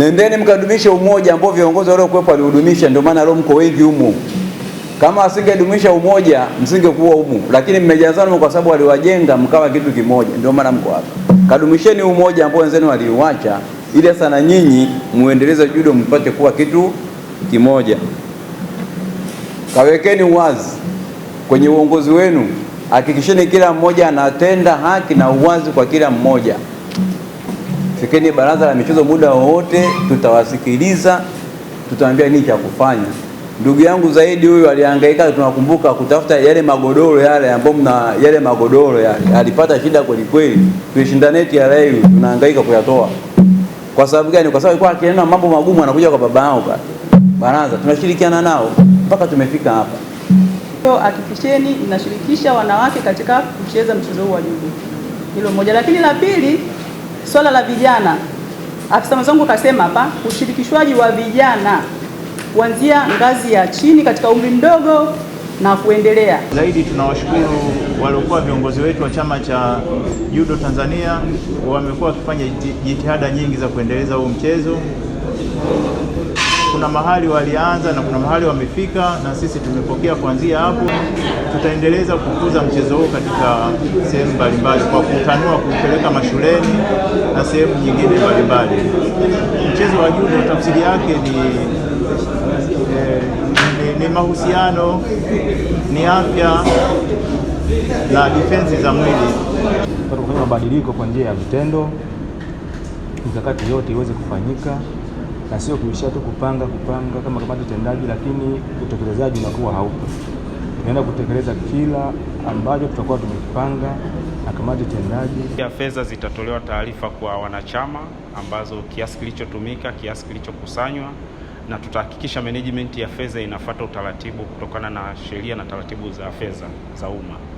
Nendeni mkadumishe umoja ambao viongozi waliokuwepo walihudumisha. Ndio maana leo mko wengi humu. Kama asingedumisha umoja, msingekuwa humu, lakini mmejazana kwa sababu waliwajenga mkawa kitu kimoja. Ndio maana mko hapa. Kadumisheni umoja ambao wenzenu waliuacha, ili sana nyinyi muendeleze judo, mpate kuwa kitu kimoja. Kawekeni uwazi kwenye uongozi wenu, hakikisheni kila mmoja anatenda haki na uwazi kwa kila mmoja fikeni baraza la michezo muda wowote, tutawasikiliza, tutaambia nini cha kufanya. Ndugu yangu zaidi huyu alihangaika, tunakumbuka kutafuta yale magodoro yale ambao mna yale magodoro yale, alipata shida kweli kweli, tulishinda neti ya leo, tunahangaika kuyatoa. Kwa sababu gani? Kwa sababu akienda mambo magumu, anakuja kwa baba yao baraza, tunashirikiana nao mpaka tumefika hapa. Hakikisheni mnashirikisha wanawake katika kucheza mchezo huu wa judo, hilo moja. Lakini la pili Swala la vijana, afisa mwenzangu kasema hapa, ushirikishwaji wa vijana kuanzia ngazi ya chini katika umri mdogo na kuendelea zaidi. Tunawashukuru waliokuwa viongozi wetu wa chama cha judo Tanzania, wamekuwa wakifanya jitihada nyingi za kuendeleza huu mchezo kuna mahali walianza na kuna mahali wamefika, na sisi tumepokea kuanzia hapo. Tutaendeleza kukuza mchezo huu katika sehemu mbalimbali kwa kutanua, kupeleka mashuleni na sehemu nyingine mbalimbali. Mchezo wa judo tafsiri yake ni eh, ni mahusiano, ni afya na defense za mwili. Kufanya mabadiliko kwa njia ya vitendo, mikakati yote iweze kufanyika na sio kuishia tu kupanga kupanga kama kamati tendaji, lakini utekelezaji unakuwa haupo. Tunaenda kutekeleza kila ambacho tutakuwa tumepanga na kamati tendaji. Ya fedha zitatolewa taarifa kwa wanachama ambazo kiasi kilichotumika, kiasi kilichokusanywa na tutahakikisha management ya fedha inafuata utaratibu kutokana na sheria na taratibu za fedha za umma.